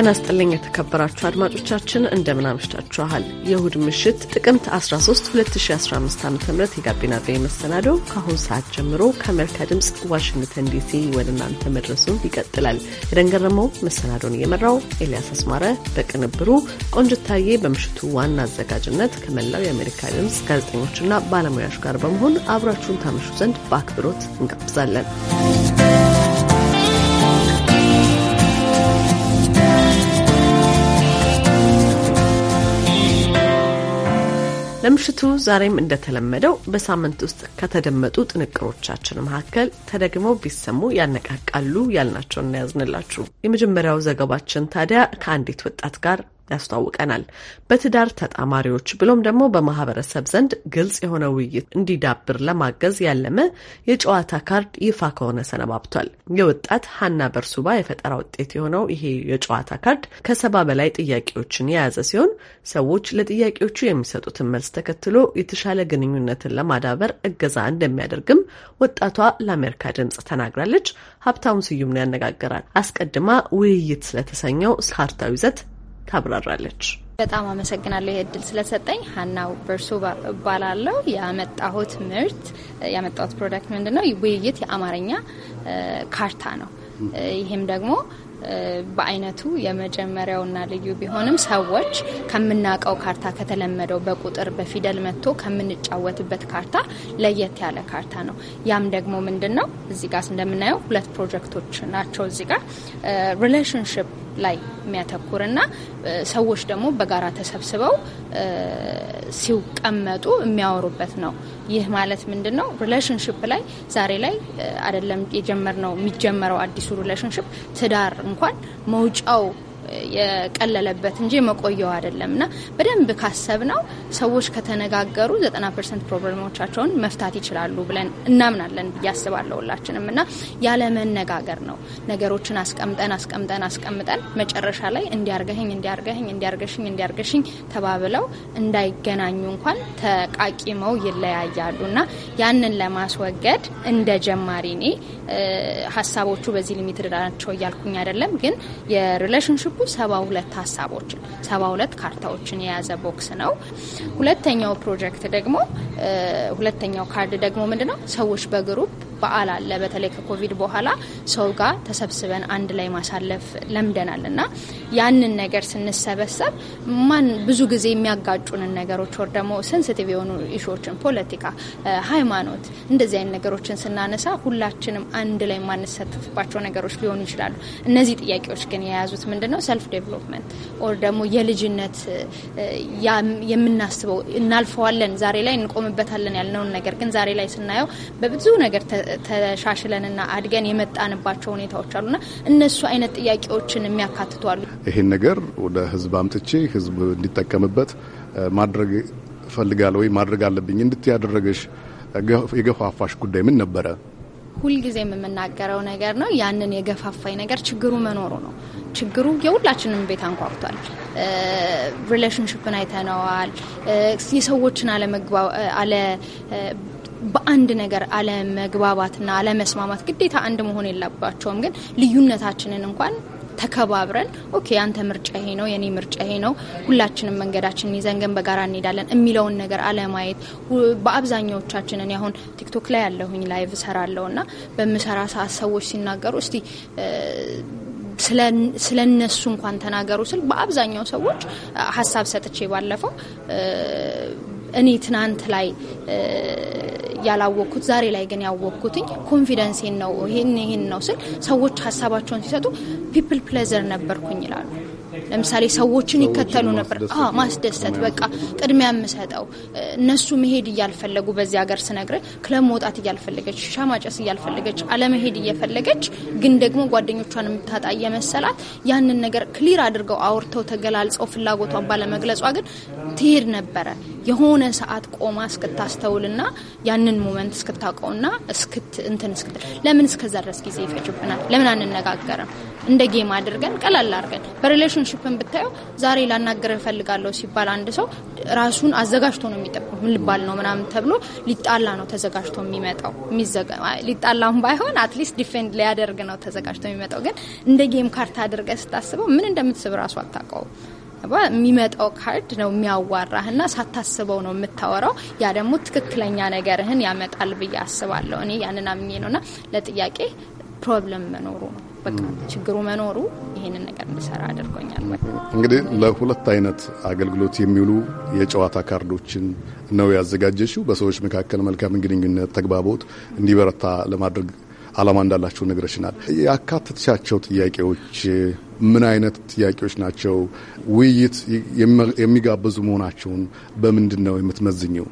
ጤና ስጥልኝ የተከበራችሁ አድማጮቻችን፣ እንደምን አምሽታችኋል? የእሁድ ምሽት ጥቅምት 13 2015 ዓ ም የጋቢና ቤ መሰናዶ ከአሁን ሰዓት ጀምሮ ከአሜሪካ ድምፅ ዋሽንግተን ዲሲ ወደ እናንተ መድረሱን ይቀጥላል። የደንገረመው መሰናዶውን እየመራው ኤልያስ አስማረ፣ በቅንብሩ ቆንጅታዬ፣ በምሽቱ ዋና አዘጋጅነት ከመላው የአሜሪካ ድምፅ ጋዜጠኞችና ባለሙያዎች ጋር በመሆን አብራችሁን ታመሹ ዘንድ በአክብሮት እንጋብዛለን። ለምሽቱ ዛሬም እንደተለመደው በሳምንት ውስጥ ከተደመጡ ጥንቅሮቻችን መካከል ተደግመው ቢሰሙ ያነቃቃሉ ያልናቸውን እናያዝንላችሁ። የመጀመሪያው ዘገባችን ታዲያ ከአንዲት ወጣት ጋር ያስተዋውቀናል። በትዳር ተጣማሪዎች ብሎም ደግሞ በማህበረሰብ ዘንድ ግልጽ የሆነ ውይይት እንዲዳብር ለማገዝ ያለመ የጨዋታ ካርድ ይፋ ከሆነ ሰነባብቷል። የወጣት ሀና በርሱባ የፈጠራ ውጤት የሆነው ይሄ የጨዋታ ካርድ ከሰባ በላይ ጥያቄዎችን የያዘ ሲሆን ሰዎች ለጥያቄዎቹ የሚሰጡትን መልስ ተከትሎ የተሻለ ግንኙነትን ለማዳበር እገዛ እንደሚያደርግም ወጣቷ ለአሜሪካ ድምጽ ተናግራለች። ሀብታሙ ስዩም ነው ያነጋገራል። አስቀድማ ውይይት ስለተሰኘው ካርታዊ ይዘት ታብራራለች። በጣም አመሰግናለሁ ይህ እድል ስለሰጠኝ። ሀናው በርሶ እባላለሁ። ያመጣሁት ምርት ያመጣሁት ፕሮዳክት ምንድን ነው? ውይይት የአማርኛ ካርታ ነው። ይህም ደግሞ በአይነቱ የመጀመሪያውና ልዩ ቢሆንም ሰዎች ከምናውቀው ካርታ ከተለመደው በቁጥር በፊደል መጥቶ ከምንጫወትበት ካርታ ለየት ያለ ካርታ ነው። ያም ደግሞ ምንድን ነው? እዚህ ጋር እንደምናየው ሁለት ፕሮጀክቶች ናቸው። እዚህ ጋር ሪሌሽንሽፕ ላይ የሚያተኩርና ሰዎች ደግሞ በጋራ ተሰብስበው ሲቀመጡ የሚያወሩበት ነው። ይህ ማለት ምንድን ነው? ሪሌሽንሽፕ ላይ ዛሬ ላይ አይደለም የጀመርነው የሚጀመረው አዲሱ ሪሌሽንሽፕ ትዳር እንኳን መውጫው የቀለለበት እንጂ መቆየው አይደለም እና በደንብ ካሰብ ነው ሰዎች ከተነጋገሩ ዘጠና ፐርሰንት ፕሮብለሞቻቸውን መፍታት ይችላሉ ብለን እናምናለን ብዬ አስባለሁ ሁላችንም እና ያለመነጋገር ነው ነገሮችን አስቀምጠን አስቀምጠን አስቀምጠን መጨረሻ ላይ እንዲያርገህኝ እንዲያርገህኝ እንዲያርገሽኝ እንዲያርገሽኝ ተባብለው እንዳይገናኙ እንኳን ተቃቂመው ይለያያሉ እና ያንን ለማስወገድ እንደ ጀማሪ እኔ ሀሳቦቹ በዚህ ሊሚትድ ናቸው እያልኩኝ አይደለም፣ ግን የሪሌሽንሽፕ ሰባ ሁለት ሀሳቦችን ሰባ ሁለት ካርታዎችን የያዘ ቦክስ ነው። ሁለተኛው ፕሮጀክት ደግሞ ሁለተኛው ካርድ ደግሞ ምንድነው ሰዎች በግሩፕ በዓል አለ። በተለይ ከኮቪድ በኋላ ሰው ጋር ተሰብስበን አንድ ላይ ማሳለፍ ለምደናል እና ያንን ነገር ስንሰበሰብ ማን ብዙ ጊዜ የሚያጋጩንን ነገሮች ወር ደግሞ ሴንስቲቭ የሆኑ ኢሹዎችን፣ ፖለቲካ፣ ሃይማኖት እንደዚህ አይነት ነገሮችን ስናነሳ ሁላችንም አንድ ላይ የማንሳተፍባቸው ነገሮች ሊሆኑ ይችላሉ። እነዚህ ጥያቄዎች ግን የያዙት ምንድን ነው ሰልፍ ዴቨሎፕመንት ኦር ደግሞ የልጅነት የምናስበው እናልፈዋለን ዛሬ ላይ እንቆምበታለን ያልነውን ነገር ግን ዛሬ ላይ ስናየው በብዙ ነገር ተሻሽለንና አድገን የመጣንባቸው ሁኔታዎች አሉና እነሱ አይነት ጥያቄዎችን የሚያካትቱ አሉ። ይህን ነገር ወደ ህዝብ አምጥቼ ህዝብ እንዲጠቀምበት ማድረግ እፈልጋለሁ ወይ ማድረግ አለብኝ። እንድት ያደረገሽ የገፋፋሽ ጉዳይ ምን ነበረ? ሁልጊዜ የምናገረው ነገር ነው። ያንን የገፋፋኝ ነገር ችግሩ መኖሩ ነው። ችግሩ የሁላችንም ቤት አንኳኩቷል። ሪሌሽንሽፕን አይተነዋል። የሰዎችን በአንድ ነገር አለመግባባትና አለመስማማት ግዴታ አንድ መሆን የለባቸውም። ግን ልዩነታችንን እንኳን ተከባብረን ኦኬ፣ አንተ ምርጫ ይሄ ነው፣ የኔ ምርጫ ይሄ ነው፣ ሁላችንም መንገዳችንን ይዘን ግን በጋራ እንሄዳለን የሚለውን ነገር አለማየት በአብዛኛዎቻችንን እኔ አሁን ቲክቶክ ላይ ያለሁኝ ላይቭ እሰራለሁ እና በምሰራ ሰዓት ሰዎች ሲናገሩ እስቲ ስለ እነሱ እንኳን ተናገሩ ስል በአብዛኛው ሰዎች ሀሳብ ሰጥቼ ባለፈው እኔ ትናንት ላይ ያላወቅኩት ዛሬ ላይ ግን ያወቅኩትኝ ኮንፊደንሴን ነው። ይሄን ይሄን ነው ስል ሰዎች ሀሳባቸውን ሲሰጡ ፒፕል ፕሌዘር ነበርኩኝ ይላሉ። ለምሳሌ ሰዎችን ይከተሉ ነበር። ማስደሰት በቃ ቅድሚያ የምሰጠው እነሱ መሄድ እያልፈለጉ በዚህ ሀገር ስነግረ ክለብ መውጣት እያልፈለገች ማጨስ እያልፈለገች አለመሄድ እየፈለገች ግን ደግሞ ጓደኞቿን የምታጣ እየመሰላት ያንን ነገር ክሊር አድርገው አውርተው ተገላልጸው ፍላጎቷን ባለመግለጿ ግን ትሄድ ነበረ። የሆነ ሰዓት ቆማ እስክታስተውልና ያንን ሞመንት እስክታውቀውና እስክት እንትን እስክትል ለምን እስከዛ ድረስ ጊዜ ይፈጅብናል? ለምን አንነጋገርም? እንደ ጌም አድርገን ቀላል አድርገን በሪሌሽንሽፕን ብታየው ዛሬ ላናገር እፈልጋለሁ ሲባል አንድ ሰው ራሱን አዘጋጅቶ ነው የሚጠብቁ ምን ልባል ነው ምናምን ተብሎ ሊጣላ ነው ተዘጋጅቶ የሚመጣው ሊጣላም ባይሆን አትሊስት ዲፌንድ ሊያደርግ ነው ተዘጋጅቶ የሚመጣው ግን እንደ ጌም ካርታ አድርገ ስታስበው ምን እንደምትስብ ራሱ አታውቀውም። የሚመጣው ካርድ ነው የሚያዋራህ እና ሳታስበው ነው የምታወራው። ያ ደግሞ ትክክለኛ ነገርህን ያመጣል ብዬ አስባለሁ። እኔ ያንን አምኜ ነውና ለጥያቄ ፕሮብለም መኖሩ ነው በቃ ችግሩ መኖሩ ይህንን ነገር እንዲሰራ አድርጎኛል። እንግዲህ ለሁለት አይነት አገልግሎት የሚውሉ የጨዋታ ካርዶችን ነው ያዘጋጀችው። በሰዎች መካከል መልካም ግንኙነት፣ ተግባቦት እንዲበረታ ለማድረግ አላማ እንዳላቸው ነግረሽናል። ያካተትሻቸው ጥያቄዎች ምን አይነት ጥያቄዎች ናቸው ውይይት የሚጋብዙ መሆናቸውን በምንድን ነው የምትመዝኘው?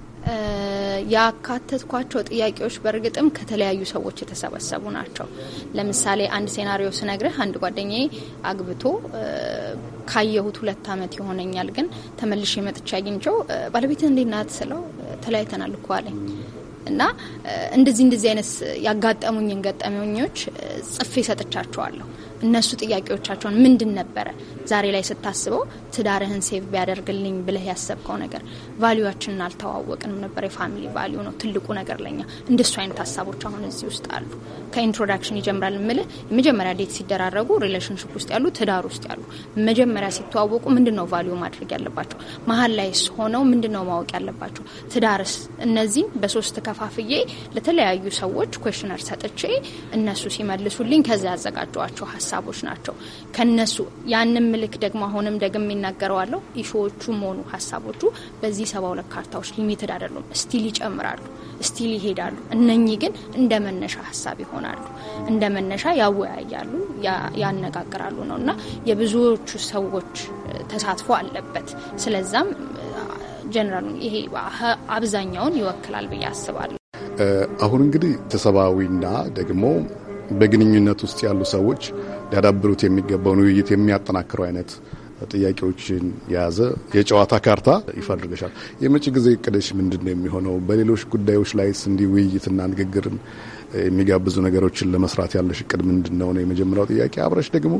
ያካተትኳቸው ጥያቄዎች በእርግጥም ከተለያዩ ሰዎች የተሰበሰቡ ናቸው። ለምሳሌ አንድ ሴናሪዮ ስነግርህ አንድ ጓደኛዬ አግብቶ ካየሁት ሁለት አመት ይሆነኛል፣ ግን ተመልሼ መጥቼ አግኝቼው ባለቤት እንዴት ናት ስለው ተለያይተናል እኮ አለኝ እና እንደዚህ እንደዚህ አይነት ያጋጠሙኝን ገጠመኞች ጽፌ ሰጥቻቸዋለሁ። እነሱ ጥያቄዎቻቸውን ምንድን ነበረ ዛሬ ላይ ስታስበው ትዳርህን ሴቭ ቢያደርግልኝ ብለህ ያሰብከው ነገር ቫሊዋችንን አልተዋወቅንም ነበር። የፋሚሊ ቫሊዩ ነው ትልቁ ነገር ለኛ። እንደሱ አይነት ሀሳቦች አሁን እዚህ ውስጥ አሉ። ከኢንትሮዳክሽን ይጀምራል ምልህ የመጀመሪያ ዴት ሲደራረጉ ሪሌሽንሽፕ ውስጥ ያሉ ትዳር ውስጥ ያሉ መጀመሪያ ሲተዋወቁ ምንድን ነው ቫሊዩ ማድረግ ያለባቸው? መሀል ላይስ ሆነው ምንድን ነው ማወቅ ያለባቸው? ትዳርስ? እነዚህም በሶስት ከፋፍዬ ለተለያዩ ሰዎች ኮሽነር ሰጥቼ እነሱ ሲመልሱልኝ ከዚያ ያዘጋጀዋቸው ሀሳብ ሀሳቦች ናቸው። ከነሱ ያንም ምልክ ደግሞ አሁንም ደግም ይናገረዋለሁ ኢሾዎቹ ሆኑ ሀሳቦቹ በዚህ ሰባ ሁለት ካርታዎች ሊሚትድ አይደሉም። ስቲል ይጨምራሉ፣ ስቲል ይሄዳሉ። እነኚህ ግን እንደ መነሻ ሀሳብ ይሆናሉ፣ እንደ መነሻ ያወያያሉ፣ ያነጋግራሉ ነው እና የብዙዎቹ ሰዎች ተሳትፎ አለበት። ስለዛም ጀነራሉ ይሄ አብዛኛውን ይወክላል ብዬ አስባለሁ። አሁን እንግዲህ ተሰባዊና ደግሞ በግንኙነት ውስጥ ያሉ ሰዎች ሊያዳብሩት የሚገባውን ውይይት የሚያጠናክሩ አይነት ጥያቄዎችን የያዘ የጨዋታ ካርታ ይፋ አድርገሻል። የመጪ ጊዜ እቅድሽ ምንድን ነው የሚሆነው? በሌሎች ጉዳዮች ላይ እንዲህ ውይይትና ንግግርን የሚጋብዙ ነገሮችን ለመስራት ያለሽ እቅድ ምንድን ነው ነው የመጀመሪያው ጥያቄ። አብረሽ ደግሞ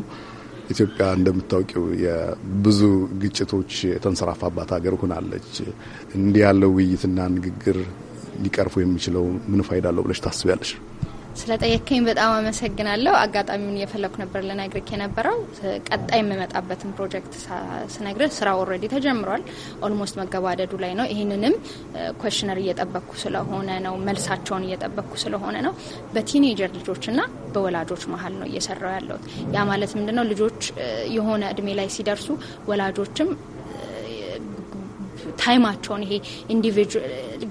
ኢትዮጵያ እንደምታውቂው የብዙ ግጭቶች የተንሰራፋባት ሀገር ሆናለች። እንዲህ ያለው ውይይትና ንግግር ሊቀርፉ የሚችለው ምን ፋይዳ አለው ብለሽ ታስቢያለሽ? ስለጠየከኝ በጣም አመሰግናለሁ። አጋጣሚውን እየፈለኩ ነበር ልነግርክ የነበረው። ቀጣይ የምመጣበትን ፕሮጀክት ስነግር ስራ ኦልሬዲ ተጀምሯል። ኦልሞስት መገባደዱ ላይ ነው። ይህንንም ኮሽነር እየጠበቅኩ ስለሆነ ነው፣ መልሳቸውን እየጠበቅኩ ስለሆነ ነው። በቲኔጀር ልጆችና በወላጆች መሀል ነው እየሰራው ያለሁት። ያ ማለት ምንድነው ልጆች የሆነ እድሜ ላይ ሲደርሱ ወላጆችም ታይማቸውን ይሄ ኢንዲቪጁዋል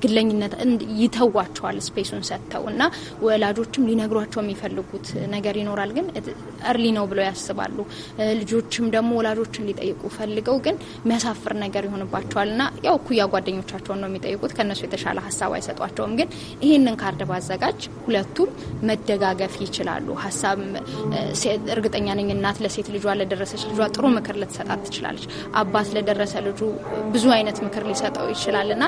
ግለኝነት ይተዋቸዋል ስፔሱን ሰጥተው እና ወላጆችም ሊነግሯቸው የሚፈልጉት ነገር ይኖራል፣ ግን እርሊ ነው ብለው ያስባሉ። ልጆችም ደግሞ ወላጆችን ሊጠይቁ ፈልገው ግን የሚያሳፍር ነገር ይሆንባቸዋል እና ያው እኩያ ጓደኞቻቸውን ነው የሚጠይቁት ከእነሱ የተሻለ ሀሳብ አይሰጧቸውም። ግን ይህንን ካርድ ባዘጋጅ ሁለቱም መደጋገፍ ይችላሉ። ሀሳብ እርግጠኛ ነኝ እናት ለሴት ልጇ ለደረሰች ልጇ ጥሩ ምክር ልትሰጣት ትችላለች። አባት ለደረሰ ልጁ ብዙ አይነት ምክር ሊሰጠው ይችላል እና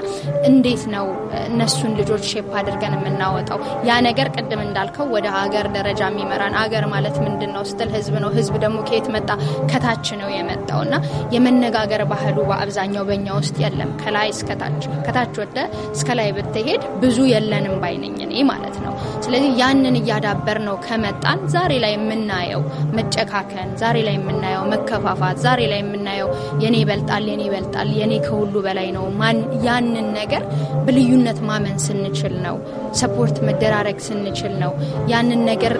እንዴት ነው እነሱን ልጆች ሼፕ አድርገን የምናወጣው። ያ ነገር ቅድም እንዳልከው ወደ ሀገር ደረጃ የሚመራን አገር ማለት ምንድን ነው ስትል ህዝብ ነው። ህዝብ ደግሞ ከየት መጣ? ከታች ነው የመጣው እና የመነጋገር ባህሉ በአብዛኛው በእኛ ውስጥ የለም። ከላይ እስከታች ከታች ወደ እስከ ላይ ብትሄድ ብዙ የለንም ባይነኝ እኔ ማለት ነው። ስለዚህ ያንን እያዳበር ነው ከመጣን ዛሬ ላይ የምናየው መጨካከን፣ ዛሬ ላይ የምናየው መከፋፋት፣ ዛሬ ላይ የምናየው የኔ ይበልጣል፣ የኔ ይበልጣል፣ የኔ ከሁሉ በላይ ነው ማን ያንን ነገር በልዩነት ማመን ስንችል ነው። ሰፖርት መደራረግ ስንችል ነው። ያንን ነገር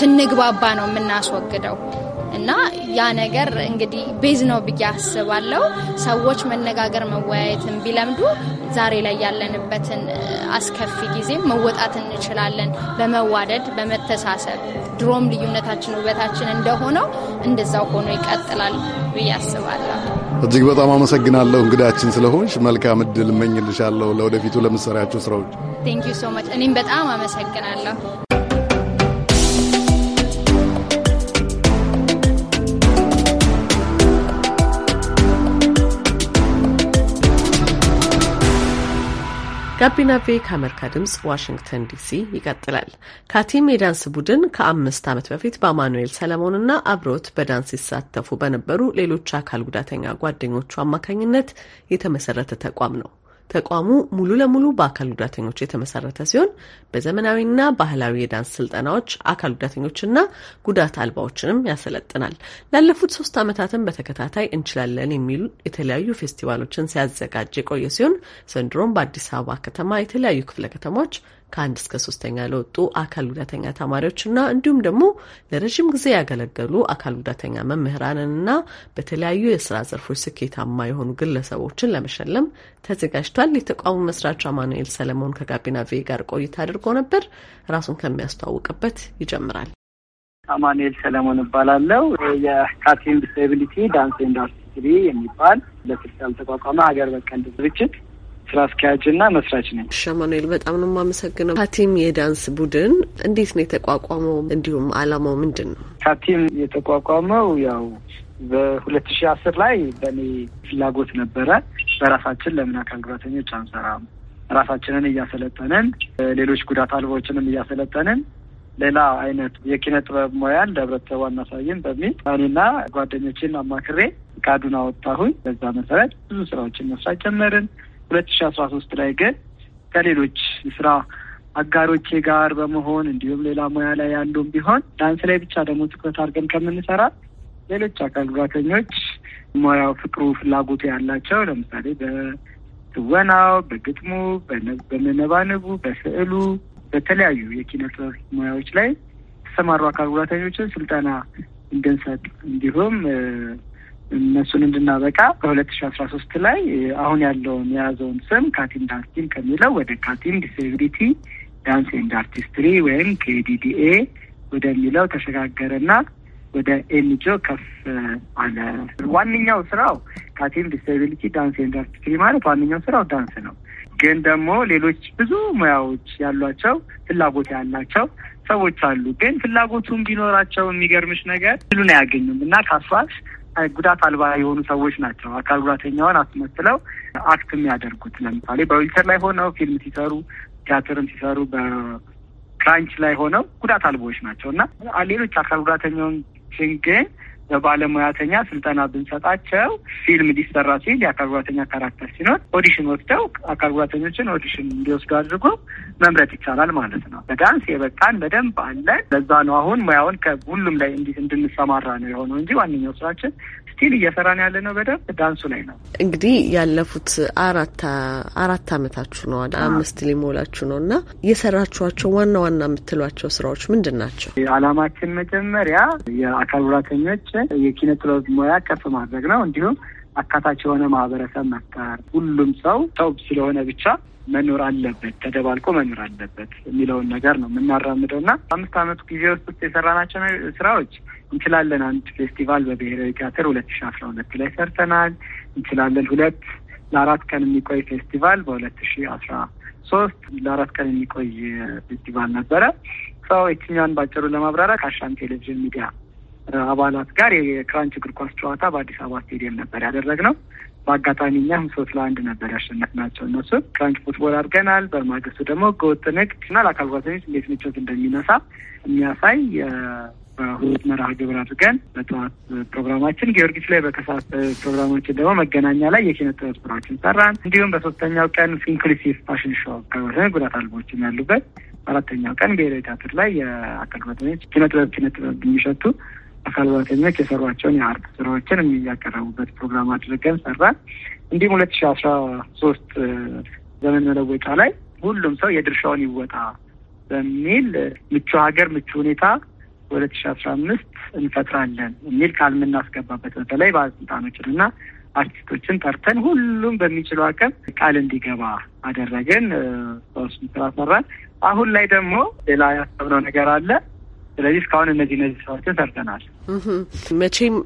ስንግባባ ነው የምናስወግደው። እና ያ ነገር እንግዲህ ቤዝ ነው ብዬ አስባለሁ። ሰዎች መነጋገር መወያየትን ቢለምዱ ዛሬ ላይ ያለንበትን አስከፊ ጊዜ መወጣት እንችላለን። በመዋደድ በመተሳሰብ ድሮም ልዩነታችን ውበታችን እንደሆነው እንደዛው ሆኖ ይቀጥላል ብዬ አስባለሁ። እጅግ በጣም አመሰግናለሁ እንግዳችን ስለሆንሽ። መልካም እድል እመኝልሻለሁ ለወደፊቱ ለምትሰሪያቸው ስራዎች። ቴንክ ዩ ሶ ማች። እኔም በጣም አመሰግናለሁ። ጋቢና ቬ ከአሜሪካ ድምጽ ዋሽንግተን ዲሲ ይቀጥላል። ካቲም የዳንስ ቡድን ከአምስት ዓመት በፊት በአማኑኤል ሰለሞንና አብሮት በዳንስ ሲሳተፉ በነበሩ ሌሎች አካል ጉዳተኛ ጓደኞቹ አማካኝነት የተመሰረተ ተቋም ነው። ተቋሙ ሙሉ ለሙሉ በአካል ጉዳተኞች የተመሰረተ ሲሆን በዘመናዊና ባህላዊ የዳንስ ስልጠናዎች አካል ጉዳተኞችና ጉዳት አልባዎችንም ያሰለጥናል። ላለፉት ሶስት ዓመታትን በተከታታይ እንችላለን የሚሉ የተለያዩ ፌስቲቫሎችን ሲያዘጋጅ የቆየ ሲሆን ዘንድሮም በአዲስ አበባ ከተማ የተለያዩ ክፍለ ከተማዎች ከአንድ እስከ ሶስተኛ ለወጡ አካል ጉዳተኛ ተማሪዎችና እንዲሁም ደግሞ ለረዥም ጊዜ ያገለገሉ አካል ጉዳተኛ መምህራንንና በተለያዩ የስራ ዘርፎች ስኬታማ የሆኑ ግለሰቦችን ለመሸለም ተዘጋጅቷል። የተቋሙ መስራች አማኑኤል ሰለሞን ከጋቢና ቪ ጋር ቆይታ አድርጎ ነበር። ራሱን ከሚያስተዋውቅበት ይጀምራል። አማኑኤል ሰለሞን እባላለሁ። የካቲን ዲስኤቢሊቲ ዳንስ ኢንዱስትሪ የሚባል ለስልጣን ተቋቋመ ሀገር በቀል ድርጅት ስራ አስኪያጅና መስራች ነኝ። ሻማኑኤል በጣም ነው የማመሰግነው። ካቲም የዳንስ ቡድን እንዴት ነው የተቋቋመው? እንዲሁም አላማው ምንድን ነው? ካቲም የተቋቋመው ያው በሁለት ሺ አስር ላይ በእኔ ፍላጎት ነበረ። በራሳችን ለምን አካል ጉዳተኞች አንሰራም? ራሳችንን እያሰለጠንን ሌሎች ጉዳት አልባዎችንም እያሰለጠንን ሌላ አይነት የኪነ ጥበብ ሙያን ለህብረተሰቡ አናሳይም በሚል እኔና ጓደኞችን አማክሬ ቃዱን አወጣሁኝ። በዛ መሰረት ብዙ ስራዎችን መስራት ጀመርን። ሁለት ሺ አስራ ሶስት ላይ ግን ከሌሎች ስራ አጋሮቼ ጋር በመሆን እንዲሁም ሌላ ሙያ ላይ ያለውም ቢሆን ዳንስ ላይ ብቻ ደግሞ ትኩረት አድርገን ከምንሰራ ሌሎች አካል ጉዳተኞች ሙያው ፍቅሩ፣ ፍላጎቱ ያላቸው ለምሳሌ በትወናው፣ በግጥሙ፣ በመነባንቡ፣ በስዕሉ በተለያዩ የኪነ ጥበብ ሙያዎች ላይ የተሰማሩ አካል ጉዳተኞችን ስልጠና እንድንሰጥ እንዲሁም እነሱን እንድናበቃ በሁለት ሺ አስራ ሶስት ላይ አሁን ያለውን የያዘውን ስም ካቲም አርቲም ከሚለው ወደ ካቲም ዲሴቢሊቲ ዳንስ ኤንድ አርቲስትሪ ወይም ከዲዲኤ ወደሚለው ተሸጋገረና ወደ ኤንጆ ከፍ አለ። ዋነኛው ስራው ካቲም ዲስቢሊቲ ዳንስ ኤንድ አርቲስትሪ ማለት ዋነኛው ስራው ዳንስ ነው። ግን ደግሞ ሌሎች ብዙ ሙያዎች ያሏቸው ፍላጎት ያላቸው ሰዎች አሉ። ግን ፍላጎቱን ቢኖራቸው የሚገርምሽ ነገር ሁሉን አያገኙም እና ካሷስ ጉዳት አልባ የሆኑ ሰዎች ናቸው አካል ጉዳተኛውን አስመስለው አክት የሚያደርጉት። ለምሳሌ በዊልቸር ላይ ሆነው ፊልም ሲሰሩ፣ ቲያትርም ሲሰሩ በክራንች ላይ ሆነው ጉዳት አልባዎች ናቸው እና ሌሎች አካል ጉዳተኛውን ግን በባለሙያተኛ ስልጠና ብንሰጣቸው ፊልም ሊሰራ ሲል የአካል ጉዳተኛ ካራክተር ሲኖር ኦዲሽን ወስደው አካል ጉዳተኞችን ኦዲሽን እንዲወስዱ አድርጎ መምረጥ ይቻላል ማለት ነው። በዳንስ የበቃን በደንብ አለን። ለዛ ነው አሁን ሙያውን ከሁሉም ላይ እንድንሰማራ ነው የሆነው እንጂ ዋነኛው ስራችን ስቲል እየሰራን ያለ ነው። በደንብ ዳንሱ ላይ ነው። እንግዲህ ያለፉት አራት አራት አመታችሁ ነው አምስት ሊሞላችሁ ነው እና የሰራችኋቸው ዋና ዋና የምትሏቸው ስራዎች ምንድን ናቸው? አላማችን መጀመሪያ የአካል ጉዳተኞች የኪነ ጥበብ ሙያ ከፍ ማድረግ ነው። እንዲሁም አካታች የሆነ ማህበረሰብ መፍጠር ሁሉም ሰው ሰው ስለሆነ ብቻ መኖር አለበት፣ ተደባልቆ መኖር አለበት የሚለውን ነገር ነው የምናራምደው እና አምስት አመቱ ጊዜ ውስጥ ውስጥ የሰራናቸው ስራዎች እንችላለን አንድ ፌስቲቫል በብሔራዊ ቲያትር ሁለት ሺ አስራ ሁለት ላይ ሰርተናል። እንችላለን ሁለት ለአራት ቀን የሚቆይ ፌስቲቫል በሁለት ሺ አስራ ሶስት ለአራት ቀን የሚቆይ ፌስቲቫል ነበረ። ሰው የትኛዋን ባጭሩ ለማብራራ ከአሻም ቴሌቪዥን ሚዲያ አባላት ጋር የክራንች እግር ኳስ ጨዋታ በአዲስ አበባ ስቴዲየም ነበር ያደረግነው። በአጋጣሚ እኛ ሶስት ለአንድ ነበር ያሸነፍ ናቸው። እነሱ ክራንች ፉትቦል አድርገናል። በማግስቱ ደግሞ ህገወጥ ንግድ እና ለአካል ጉዳተኞች እንዴት ምቾት እንደሚነሳ የሚያሳይ በሁለት መርሃ ግብር አድርገን በጠዋት ፕሮግራማችን ጊዮርጊስ ላይ፣ በከሰዓት ፕሮግራማችን ደግሞ መገናኛ ላይ የኪነ ጥበብ ስራዎችን ሰራን። እንዲሁም በሶስተኛው ቀን ኢንክሉሲቭ ፋሽን ሾው አካባቢ ጉዳት አልቦችም ያሉበት፣ በአራተኛው ቀን ብሔራዊ ቲያትር ላይ የአካል ጉዳተኞች ኪነ ጥበብ ኪነ ጥበብ የሚሸቱ አካል ጉዳተኞች የሰሯቸውን የአርት ስራዎችን የሚያቀረቡበት ፕሮግራም አድርገን ሰራን። እንዲሁም ሁለት ሺ አስራ ሶስት ዘመን መለወጫ ላይ ሁሉም ሰው የድርሻውን ይወጣ በሚል ምቹ ሀገር ምቹ ሁኔታ ሁለት ሺ አስራ አምስት እንፈጥራለን የሚል ቃል የምናስገባበት በተለይ ባለስልጣኖችን እና አርቲስቶችን ጠርተን ሁሉም በሚችለው አቅም ቃል እንዲገባ አደረግን። በውስም ስራ ሰራን። አሁን ላይ ደግሞ ሌላ ያሰብነው ነገር አለ። ስለዚህ እስካሁን እነዚህ እነዚህ ስራዎችን ሰርተናል። መቼም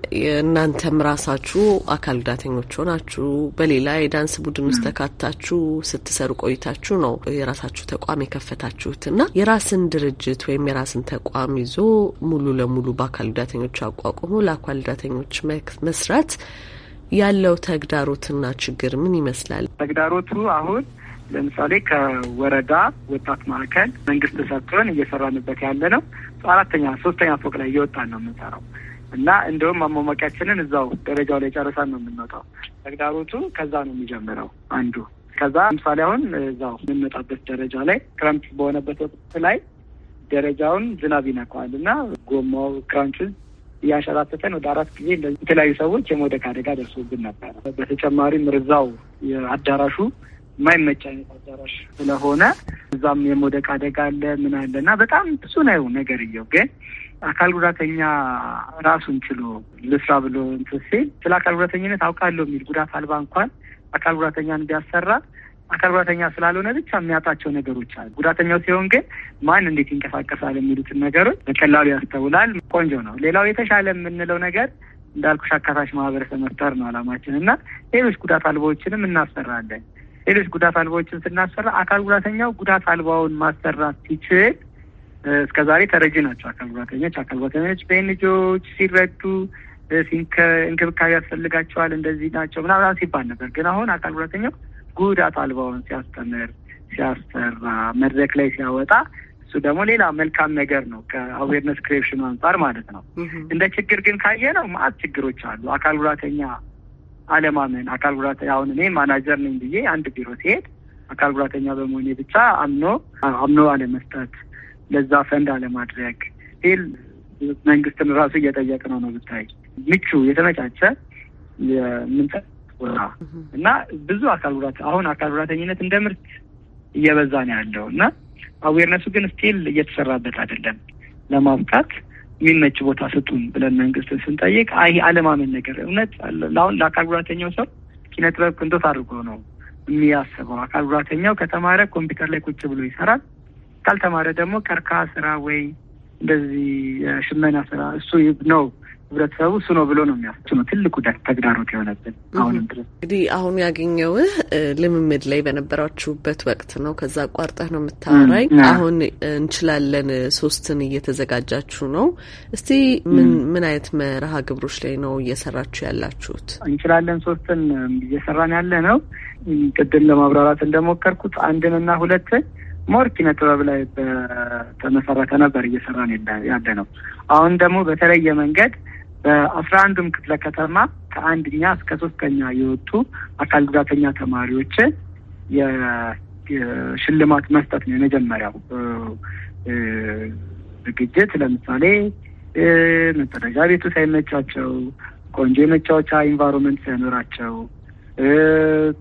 እናንተም ራሳችሁ አካል ጉዳተኞች ሆናችሁ በሌላ የዳንስ ቡድን ውስጥ ተካታችሁ ስትሰሩ ቆይታችሁ ነው የራሳችሁ ተቋም የከፈታችሁት እና የራስን ድርጅት ወይም የራስን ተቋም ይዞ ሙሉ ለሙሉ በአካል ጉዳተኞች አቋቁሞ ለአካል ጉዳተኞች መስራት ያለው ተግዳሮትና ችግር ምን ይመስላል? ተግዳሮቱ አሁን ለምሳሌ ከወረዳ ወጣት ማዕከል መንግስት ሰጥቶን እየሰራንበት ያለ ነው አራተኛ ሶስተኛ ፎቅ ላይ እየወጣን ነው የምንሰራው እና እንደውም ማሟሟቂያችንን እዛው ደረጃው ላይ ጨርሰን ነው የምንወጣው። ተግዳሮቱ ከዛ ነው የሚጀምረው አንዱ። ከዛ ለምሳሌ አሁን እዛው የምንወጣበት ደረጃ ላይ ክረምት በሆነበት ወቅት ላይ ደረጃውን ዝናብ ይነካዋል እና ጎማው ክራንች እያሸራተተን ወደ አራት ጊዜ የተለያዩ ሰዎች የመውደቅ አደጋ ደርሶብን ነበረ። በተጨማሪም ርዛው የአዳራሹ የማይመች አይነት አዳራሽ ስለሆነ እዛም የመውደቅ አደጋ አለ ምን አለ እና በጣም ብዙ ነው እየው ግን አካል ጉዳተኛ ራሱን ችሎ ልስራ ብሎ እንትን ሲል ስለ አካል ጉዳተኝነት አውቃለሁ የሚል ጉዳት አልባ እንኳን አካል ጉዳተኛን ቢያሰራ አካል ጉዳተኛ ስላልሆነ ብቻ የሚያጣቸው ነገሮች አሉ። ጉዳተኛው ሲሆን ግን ማን እንዴት ይንቀሳቀሳል የሚሉትን ነገሮች በቀላሉ ያስተውላል። ቆንጆ ነው። ሌላው የተሻለ የምንለው ነገር እንዳልኩሽ አካታች ማህበረሰብ መፍጠር ነው አላማችን እና ሌሎች ጉዳት አልባዎችንም እናሰራለን። ሌሎች ጉዳት አልባዎችን ስናሰራ አካል ጉዳተኛው ጉዳት አልባውን ማሰራት ሲችል እስከ ዛሬ ተረጂ ናቸው። አካል ጉዳተኞች አካል ጉዳተኞች በኤንጂኦዎች ሲረዱ እንክብካቤ ያስፈልጋቸዋል እንደዚህ ናቸው ምናምን ሲባል ነበር። ግን አሁን አካል ጉዳተኛው ጉዳት አልባውን ሲያስተምር፣ ሲያሰራ፣ መድረክ ላይ ሲያወጣ እሱ ደግሞ ሌላ መልካም ነገር ነው ከአዌርነስ ክሬሽኑ አንጻር ማለት ነው። እንደ ችግር ግን ካየ ነው ማአት ችግሮች አሉ አካል ጉዳተኛ አለማመን አካል ጉዳተ አሁን እኔ ማናጀር ነኝ ብዬ አንድ ቢሮ ሲሄድ አካል ጉዳተኛ በመሆኔ ብቻ አምኖ አምኖ አለመስጠት፣ ለዛ ፈንድ አለማድረግ ል መንግስትን ራሱ እየጠየቅ ነው ነው ብታይ ምቹ የተመቻቸ የምንጠ ቦታ እና ብዙ አካል ጉዳት አሁን አካል ጉዳተኝነት እንደ ምርት እየበዛ ነው ያለው እና አዌርነሱ ግን ስቲል እየተሰራበት አይደለም ለማብቃት የሚመች ቦታ ስጡን ብለን መንግስትን ስንጠይቅ አይ አለማመን ነገር እውነት አሁን ለአካል ጉዳተኛው ሰው ኪነ ጥበብ አድርጎ ነው የሚያስበው። አካል ጉዳተኛው ከተማረ ኮምፒውተር ላይ ቁጭ ብሎ ይሰራል። ካልተማረ ደግሞ ከርካ ስራ ወይ እንደዚህ የሽመና ስራ እሱ ነው ህብረተሰቡ እሱ ነው ብሎ ነው የሚያስ ነው ትልቁ ተግዳሮት የሆነብን አሁንም ድረስ። እንግዲህ አሁን ያገኘውህ ልምምድ ላይ በነበራችሁበት ወቅት ነው። ከዛ አቋርጠህ ነው የምታወራኝ። አሁን እንችላለን ሶስትን እየተዘጋጃችሁ ነው። እስቲ ምን ምን አይነት መርሃ ግብሮች ላይ ነው እየሰራችሁ ያላችሁት? እንችላለን ሶስትን እየሰራን ያለ ነው። ቅድም ለማብራራት እንደሞከርኩት አንድንና ሁለትን ሞር ኪነ ጥበብ ላይ በተመሰረተ ነበር እየሰራን ያለ ነው። አሁን ደግሞ በተለየ መንገድ በአስራ አንዱም ክፍለ ከተማ ከአንድኛ እስከ ሶስተኛ የወጡ አካል ጉዳተኛ ተማሪዎች የሽልማት መስጠት ነው የመጀመሪያው ዝግጅት። ለምሳሌ መጸዳጃ ቤቱ ሳይመቻቸው፣ ቆንጆ የመጫወቻ ኢንቫይሮንመንት ሳይኖራቸው፣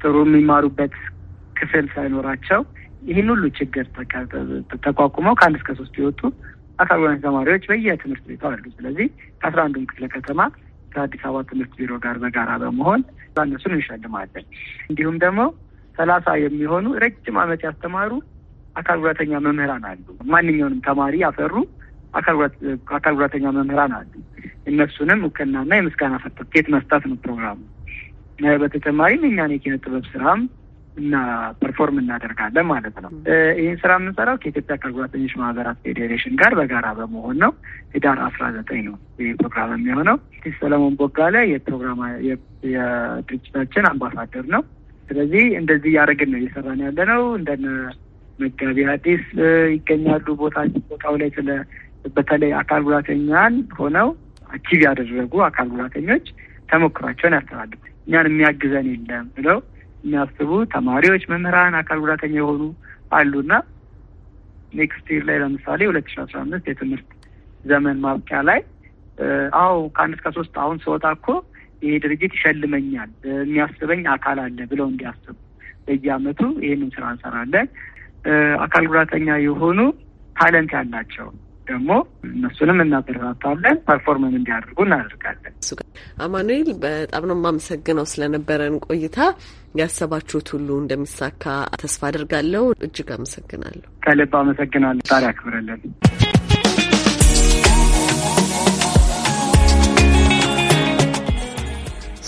ጥሩ የሚማሩበት ክፍል ሳይኖራቸው ይህን ሁሉ ችግር ተቋቁመው ከአንድ እስከ ሶስት የወጡ አስራ ሁለት ተማሪዎች በየትምህርት ቤቱ አሉ። ስለዚህ ከአስራ አንዱም ክፍለ ከተማ ከአዲስ አበባ ትምህርት ቢሮ ጋር በጋራ በመሆን እነሱን እንሸልማለን። እንዲሁም ደግሞ ሰላሳ የሚሆኑ ረጅም ዓመት ያስተማሩ አካል ጉዳተኛ መምህራን አሉ። ማንኛውንም ተማሪ ያፈሩ አካል ጉዳተኛ መምህራን አሉ። እነሱንም እውቅናና የምስጋና ሰርተፍኬት መስጠት ነው ፕሮግራሙ። በተጨማሪም እኛን የኪነ ጥበብ ስራም እና ፐርፎርም እናደርጋለን ማለት ነው። ይህን ስራ የምንሰራው ከኢትዮጵያ አካል ጉዳተኞች ማህበራት ፌዴሬሽን ጋር በጋራ በመሆን ነው። ህዳር አስራ ዘጠኝ ነው ይህ ፕሮግራም የሚሆነው። ሰለሞን ቦጋለ የፕሮግራም የድርጅታችን አምባሳደር ነው። ስለዚህ እንደዚህ እያደረግን ነው እየሰራን ያለ ነው። እንደነ መጋቢ አዲስ ይገኛሉ ቦታ ቦታው ላይ ስለ በተለይ አካል ጉዳተኛን ሆነው አቺቭ ያደረጉ አካል ጉዳተኞች ተሞክሯቸውን ያስተላልፋል። እኛን የሚያግዘን የለም ብለው የሚያስቡ ተማሪዎች፣ መምህራን፣ አካል ጉዳተኛ የሆኑ አሉና ኔክስት ይር ላይ ለምሳሌ ሁለት ሺ አስራ አምስት የትምህርት ዘመን ማብቂያ ላይ አዎ ከአንድ እስከ ሶስት አሁን ስወጣ እኮ ይሄ ድርጅት ይሸልመኛል የሚያስበኝ አካል አለ ብለው እንዲያስቡ በየአመቱ ይህንን ስራ እንሰራለን። አካል ጉዳተኛ የሆኑ ታለንት ያላቸው ደግሞ እነሱንም እናበረታታለን፣ ፐርፎርመን እንዲያደርጉ እናደርጋለን። አማኑኤል በጣም ነው የማመሰግነው ስለነበረን ቆይታ። ያሰባችሁት ሁሉ እንደሚሳካ ተስፋ አድርጋለሁ። እጅግ አመሰግናለሁ። ከልብ አመሰግናለሁ። ታሪ ክብረለን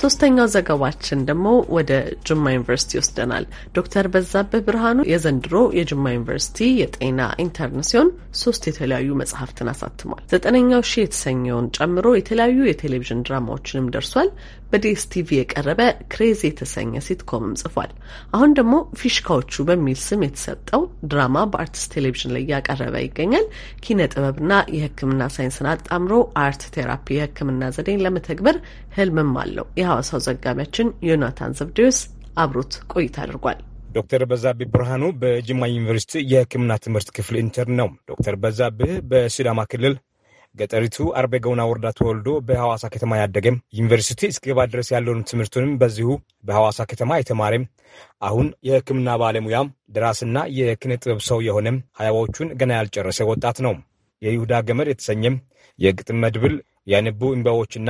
ሶስተኛው ዘገባችን ደግሞ ወደ ጅማ ዩኒቨርሲቲ ይወስደናል። ዶክተር በዛብህ ብርሃኑ የዘንድሮ የጅማ ዩኒቨርሲቲ የጤና ኢንተርን ሲሆን ሶስት የተለያዩ መጽሐፍትን አሳትሟል። ዘጠነኛው ሺህ የተሰኘውን ጨምሮ የተለያዩ የቴሌቪዥን ድራማዎችንም ደርሷል። በዲኤስቲቪ የቀረበ ክሬዚ የተሰኘ ሲትኮምም ጽፏል። አሁን ደግሞ ፊሽካዎቹ በሚል ስም የተሰጠው ድራማ በአርቲስት ቴሌቪዥን ላይ እያቀረበ ይገኛል። ኪነ ጥበብና የሕክምና ሳይንስን አጣምሮ አርት ቴራፒ የሕክምና ዘዴን ለመተግበር ህልምም አለው። የሐዋሳው ዘጋቢያችን ዮናታን ዘብዴዎስ አብሮት ቆይታ አድርጓል። ዶክተር በዛብህ ብርሃኑ በጅማ ዩኒቨርሲቲ የህክምና ትምህርት ክፍል ኢንተርን ነው። ዶክተር በዛብህ በሲዳማ ክልል ገጠሪቱ አርቤገውና ወረዳ ተወልዶ በሐዋሳ ከተማ ያደገም ዩኒቨርሲቲ እስኪገባ ድረስ ያለውን ትምህርቱንም በዚሁ በሐዋሳ ከተማ የተማረም አሁን የህክምና ባለሙያም ደራስና የኪነ ጥበብ ሰው የሆነም ሀያዎቹን ገና ያልጨረሰ ወጣት ነው። የይሁዳ ገመድ የተሰኘም የግጥም መድብል ያነቡ እንባዎችና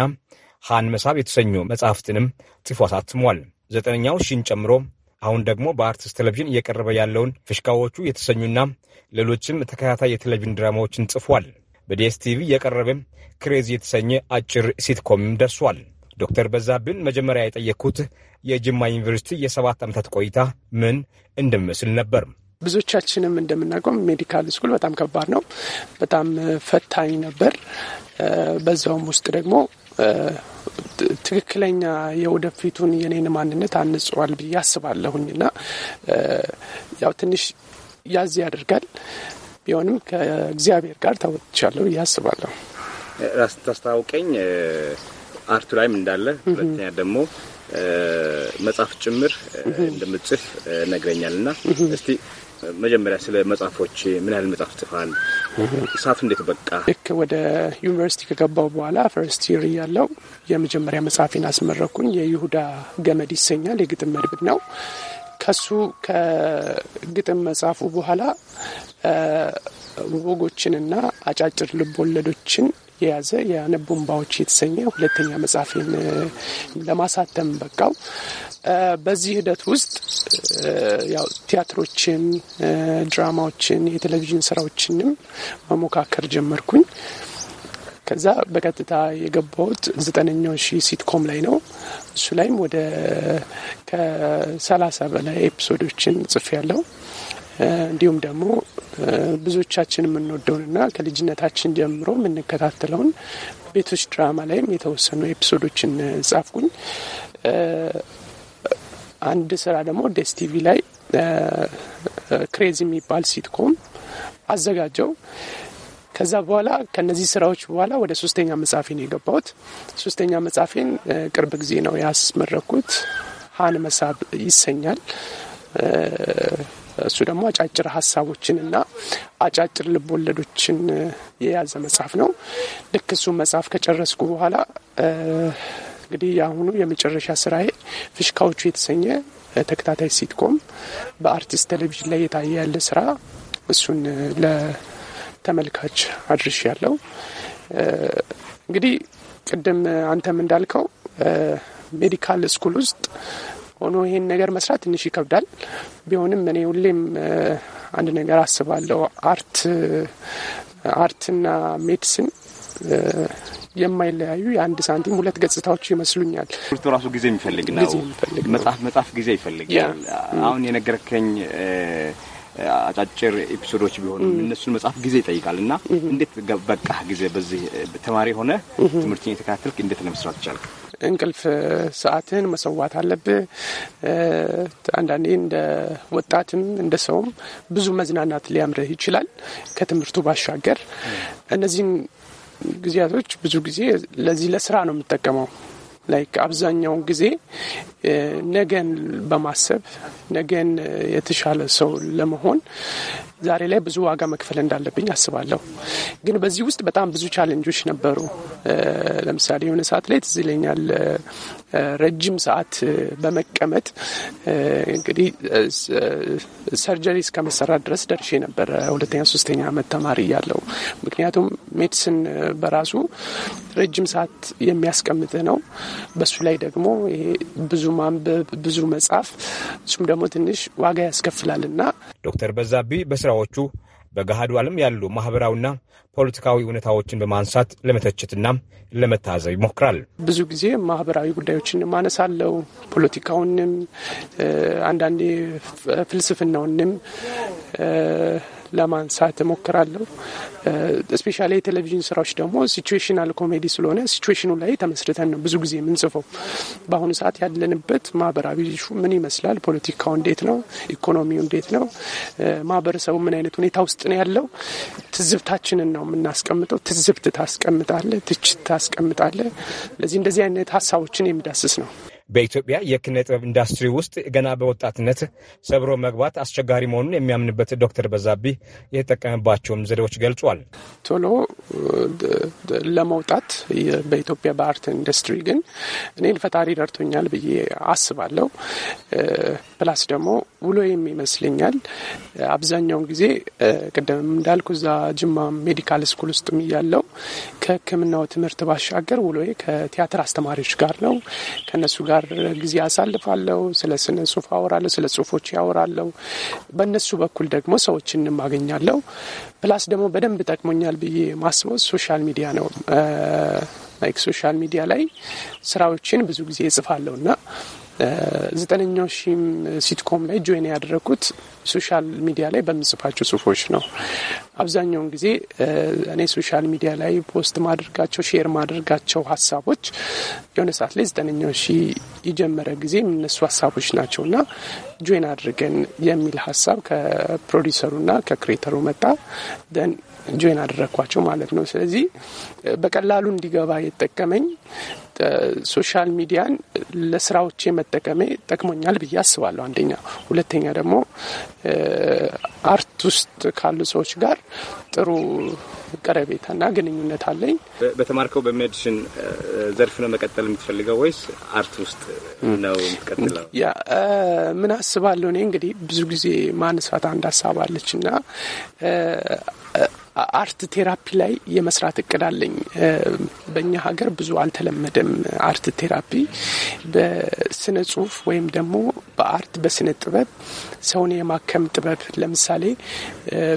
ሀን መሳብ የተሰኙ መጽሐፍትንም ጽፎ አሳትሟል። ዘጠነኛው ሺን ጨምሮ አሁን ደግሞ በአርትስ ቴሌቪዥን እየቀረበ ያለውን ፍሽካዎቹ የተሰኙና ሌሎችም ተከታታይ የቴሌቪዥን ድራማዎችን ጽፏል። በዲኤስቲቪ የቀረበ ክሬዚ የተሰኘ አጭር ሲትኮምም ደርሷል። ዶክተር በዛብን መጀመሪያ የጠየቅኩት የጅማ ዩኒቨርሲቲ የሰባት ዓመታት ቆይታ ምን እንደሚመስል ነበር። ብዙዎቻችንም እንደምናውቀው ሜዲካል ስኩል በጣም ከባድ ነው። በጣም ፈታኝ ነበር። በዛውም ውስጥ ደግሞ ትክክለኛ የወደፊቱን የኔን ማንነት አንጽዋል ብዬ አስባለሁኝ ና ያው ትንሽ ያዝ ያደርጋል ቢሆንም ከእግዚአብሔር ጋር ተወጥቻለሁ ብዬ አስባለሁ። ራስ ታስተዋውቀኝ አርቱ ላይም እንዳለ ሁለተኛ ደግሞ መጽሐፍ ጭምር እንደምጽፍ ነግረኛል ና እስቲ መጀመሪያ ስለ መጽሐፎች ምን ያህል መጽሐፍ ጽፋል? ሳፍ እንዴት በቃ? ልክ ወደ ዩኒቨርሲቲ ከገባው በኋላ ፈርስት ይር ያለው የመጀመሪያ መጽሐፌን አስመረኩኝ። የይሁዳ ገመድ ይሰኛል። የግጥም መድብድ ነው። ከሱ ከግጥም መጽሐፉ በኋላ ወጎችንና አጫጭር ልብ ወለዶችን የያዘ የንቡንባዎች የተሰኘ ሁለተኛ መጽሐፌን ለማሳተም በቃው። በዚህ ሂደት ውስጥ ያው ቲያትሮችን፣ ድራማዎችን፣ የቴሌቪዥን ስራዎችንም መሞካከር ጀመርኩኝ። ከዛ በቀጥታ የገባሁት ዘጠነኛው ሺ ሲትኮም ላይ ነው። እሱ ላይም ወደ ከሰላሳ በላይ ኤፒሶዶችን ጽፌ ያለው እንዲሁም ደግሞ ብዙዎቻችን የምንወደውንና ከልጅነታችን ጀምሮ የምንከታተለውን ቤቶች ድራማ ላይም የተወሰኑ ኤፒሶዶችን ጻፍኩኝ። አንድ ስራ ደግሞ ደስ ቲቪ ላይ ክሬዚ የሚባል ሲትኮም አዘጋጀው። ከዛ በኋላ ከነዚህ ስራዎች በኋላ ወደ ሶስተኛ መጽሐፌን የገባሁት። ሶስተኛ መጽሐፌን ቅርብ ጊዜ ነው ያስመረኩት። ሀን መሳብ ይሰኛል። እሱ ደግሞ አጫጭር ሀሳቦችንና አጫጭር ወለዶችን የያዘ መጽሐፍ ነው። ልክ እሱ መጽሐፍ ከጨረስኩ በኋላ እንግዲህ የአሁኑ የመጨረሻ ስራዬ ፍሽካዎቹ የተሰኘ ተከታታይ ሲትኮም በአርቲስት ቴሌቪዥን ላይ የታየ ያለ ስራ እሱን ለተመልካች አድርሽ ያለው እንግዲህ ቅድም አንተም እንዳልከው ሜዲካል ስኩል ውስጥ ሆኖ ይህን ነገር መስራት ትንሽ ይከብዳል። ቢሆንም እኔ ሁሌም አንድ ነገር አስባለሁ። አርት አርትና ሜዲሲን የማይለያዩ የአንድ ሳንቲም ሁለት ገጽታዎች ይመስሉኛል። ትምህርቱ ራሱ ጊዜ የሚፈልግ ነው። መጽሐፍ ጊዜ ይፈልጋል። አሁን የነገርከኝ አጫጭር ኤፒሶዶች ቢሆኑም እነሱን መጽሐፍ ጊዜ ይጠይቃል እና እንዴት በቃ ጊዜ በዚህ ተማሪ ሆነ ትምህርት የተከታተልክ እንዴት ለመስራት ይቻላል? እንቅልፍ ሰዓትን መሰዋት አለብህ። አንዳንዴ እንደ ወጣትም እንደ ሰውም ብዙ መዝናናት ሊያምርህ ይችላል። ከትምህርቱ ባሻገር እነዚህን ጊዜያቶች ብዙ ጊዜ ለዚህ ለስራ ነው የምጠቀመው። ላይክ አብዛኛውን ጊዜ ነገን በማሰብ ነገን የተሻለ ሰው ለመሆን ዛሬ ላይ ብዙ ዋጋ መክፈል እንዳለብኝ አስባለሁ። ግን በዚህ ውስጥ በጣም ብዙ ቻለንጆች ነበሩ። ለምሳሌ የሆነ ሰዓት ላይ ትዝ ይለኛል ረጅም ሰዓት በመቀመጥ እንግዲህ ሰርጀሪ እስከመሰራት ድረስ ደርሼ ነበረ ሁለተኛ ሶስተኛ አመት ተማሪ እያለሁ። ምክንያቱም ሜዲሲን በራሱ ረጅም ሰዓት የሚያስቀምጥ ነው። በሱ ላይ ደግሞ ብዙ ማንበብ፣ ብዙ መጻፍ እሱም ደግሞ ትንሽ ዋጋ ያስከፍላል እና ዶክተር በዛቢ በስራ ስራዎቹ በገሃዱ ዓለም ያሉ ማህበራዊና ፖለቲካዊ እውነታዎችን በማንሳት ለመተቸትና ለመታዘብ ይሞክራል። ብዙ ጊዜ ማህበራዊ ጉዳዮችን ማነሳለው፣ ፖለቲካውንም፣ አንዳንዴ ፍልስፍናውንም ለማንሳት እሞክራለሁ። ስፔሻሊ የቴሌቪዥን ስራዎች ደግሞ ሲቹዌሽናል ኮሜዲ ስለሆነ ሲዌሽኑ ላይ ተመስርተን ነው ብዙ ጊዜ የምንጽፈው። በአሁኑ ሰዓት ያለንበት ማህበራዊ ምን ይመስላል፣ ፖለቲካው እንዴት ነው፣ ኢኮኖሚው እንዴት ነው፣ ማህበረሰቡ ምን አይነት ሁኔታ ውስጥ ነው ያለው፣ ትዝብታችንን ነው የምናስቀምጠው። ትዝብት ታስቀምጣለ፣ ትችት ታስቀምጣለ። ለዚህ እንደዚህ አይነት ሀሳቦችን የሚዳስስ ነው። በኢትዮጵያ የኪነ ጥበብ ኢንዱስትሪ ውስጥ ገና በወጣትነት ሰብሮ መግባት አስቸጋሪ መሆኑን የሚያምንበት ዶክተር በዛቢ የተጠቀመባቸውም ዘዴዎች ገልጿል። ቶሎ ለመውጣት በኢትዮጵያ በአርት ኢንዱስትሪ ግን እኔን ፈጣሪ ደርቶኛል ብዬ አስባለሁ። ፕላስ ደግሞ ውሎዬም ይመስለኛል አብዛኛውን ጊዜ ቅድም እንዳልኩ እዛ ጅማ ሜዲካል ስኩል ውስጥ ያለው ከሕክምናው ትምህርት ባሻገር ውሎዬ ከቲያትር አስተማሪዎች ጋር ነው ከነሱ ጋር ጋር ጊዜ አሳልፋለሁ። ስለ ስነ ጽሁፍ አወራለሁ። ስለ ጽሁፎች ያወራለሁ። በእነሱ በኩል ደግሞ ሰዎችን ማገኛለሁ። ፕላስ ደግሞ በደንብ ጠቅሞኛል ብዬ ማስበው ሶሻል ሚዲያ ነው። ላይክ ሶሻል ሚዲያ ላይ ስራዎችን ብዙ ጊዜ እጽፋለሁ እና ዘጠነኛው ሺም ሲትኮም ላይ ጆይን ያደረግኩት ሶሻል ሚዲያ ላይ በምጽፋቸው ጽሁፎች ነው። አብዛኛውን ጊዜ እኔ ሶሻል ሚዲያ ላይ ፖስት ማድረጋቸው ሼር ማድረጋቸው ሀሳቦች የሆነ ሰዓት ላይ ዘጠነኛው ሺ የጀመረ ጊዜ የሚነሱ ሀሳቦች ናቸው እና ጆይን አድርገን የሚል ሀሳብ ከፕሮዲሰሩና ከክሬተሩ መጣ ደን ጆይን አደረግኳቸው ማለት ነው። ስለዚህ በቀላሉ እንዲገባ የጠቀመኝ ሶሻል ሚዲያን ለስራዎቼ መጠቀሜ ጠቅሞኛል ብዬ አስባለሁ። አንደኛ፣ ሁለተኛ ደግሞ አርት ውስጥ ካሉ ሰዎች ጋር ጥሩ ቀረቤታና ግንኙነት አለኝ። በተማርከው በሜዲሽን ዘርፍ ነው መቀጠል የምትፈልገው ወይስ አርት ውስጥ ነው የምትቀጥለው? ያ ምን አስባለሁ እኔ እንግዲህ ብዙ ጊዜ ማንሳት አንድ ሀሳብ አለች እና አርት ቴራፒ ላይ የመስራት እቅድ አለኝ። በእኛ ሀገር ብዙ አልተለመደም። አርት ቴራፒ በስነ ጽሁፍ ወይም ደግሞ በአርት በስነ ጥበብ ሰውን የማከም ጥበብ ለምሳሌ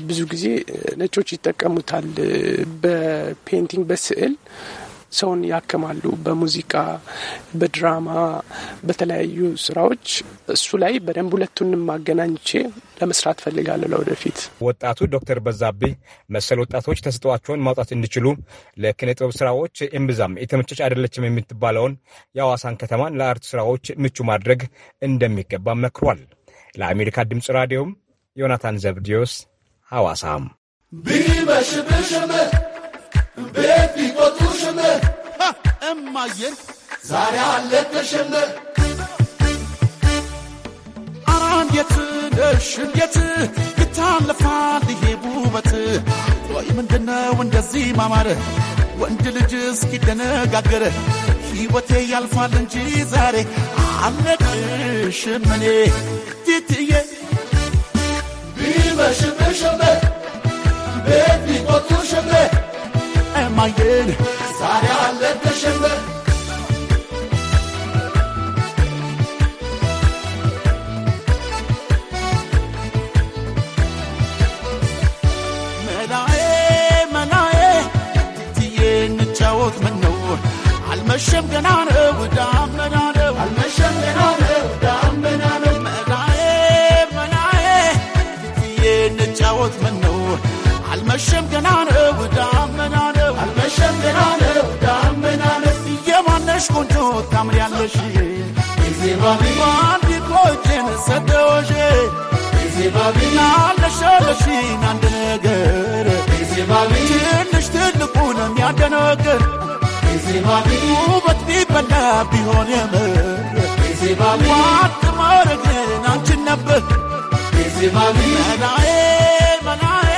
ብዙ ጊዜ ነጮች ይጠቀሙታል። በፔንቲንግ በስዕል ሰውን ያክማሉ። በሙዚቃ፣ በድራማ፣ በተለያዩ ስራዎች እሱ ላይ በደንብ ሁለቱንም ማገናኝቼ ለመስራት ፈልጋለሁ ለወደፊት። ወጣቱ ዶክተር በዛብህ መሰል ወጣቶች ተሰጥኦአቸውን ማውጣት እንዲችሉ ለኪነ ጥበብ ስራዎች እምብዛም የተመቸች አይደለችም የምትባለውን የአዋሳን ከተማን ለአርት ስራዎች ምቹ ማድረግ እንደሚገባ መክሯል። ለአሜሪካ ድምፅ ራዲዮም ዮናታን ዘብዲዮስ ሐዋሳም ቢመሽብሽም ቤት ቢቆጡሽም እማዬን ዛሬ አለቀሽም። ኧረ እንዴት ነሽ እንዴት ይታለፋል ይሄ ውበት? ቆይ ምንድነው እንደዚህ ማማረ? ወንድ ልጅ እስኪደነጋገረ ሕይወቴ ያልፋል እንጂ ዛሬ አለቅሽም እኔ ትትዬ ቢመሽብሽም ቤት ቢቆጡ ማየን ግን ዛሬ አለ ተሸንበር አልመሸም ገና ነው ዳመና ነው አልመሸም ገና ነው ዳመና ነው መናዬ መናዬ ትዬ እንጫወት አልመሸም ገና ነው ቆንጆ ታምሪያለሽ ባንዲቆችን ሰደወሽ ናለሻለሽ አንድ ነገር ትንሽ ትልቁን የሚያደነግር ውበት ቢበላ ቢሆን የምር ዋት ማረግን አንቺን ነበር መናዬ መናዬ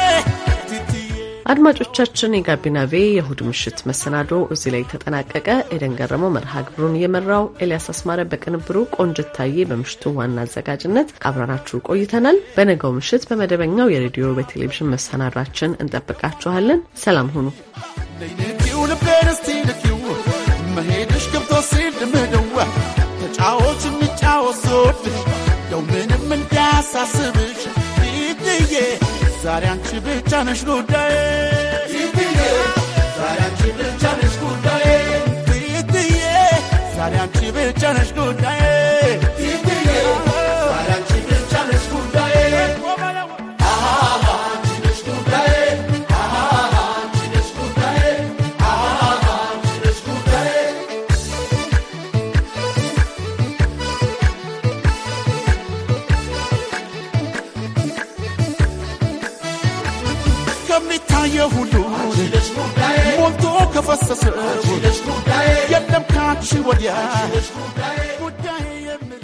አድማጮቻችን የጋቢና ቬ የእሁድ ምሽት መሰናዶ እዚህ ላይ ተጠናቀቀ። ኤደን ገረመው መርሃ ግብሩን የመራው፣ ኤልያስ አስማረ በቅንብሩ፣ ቆንጅት ታዬ በምሽቱ ዋና አዘጋጅነት አብረናችሁ ቆይተናል። በነገው ምሽት በመደበኛው የሬዲዮ በቴሌቪዥን መሰናዷችን እንጠብቃችኋለን። ሰላም ሁኑ። ዛሬ አንቺ ብቻ ነሽ ጉዳዬ ዛሬ አንቺ ብቻ ነሽ ጉዳዬ ዛሬ አንቺ ብቻ ነሽ ጉዳዬ ተፈሰሰ የለም ካንቺ ወዲያ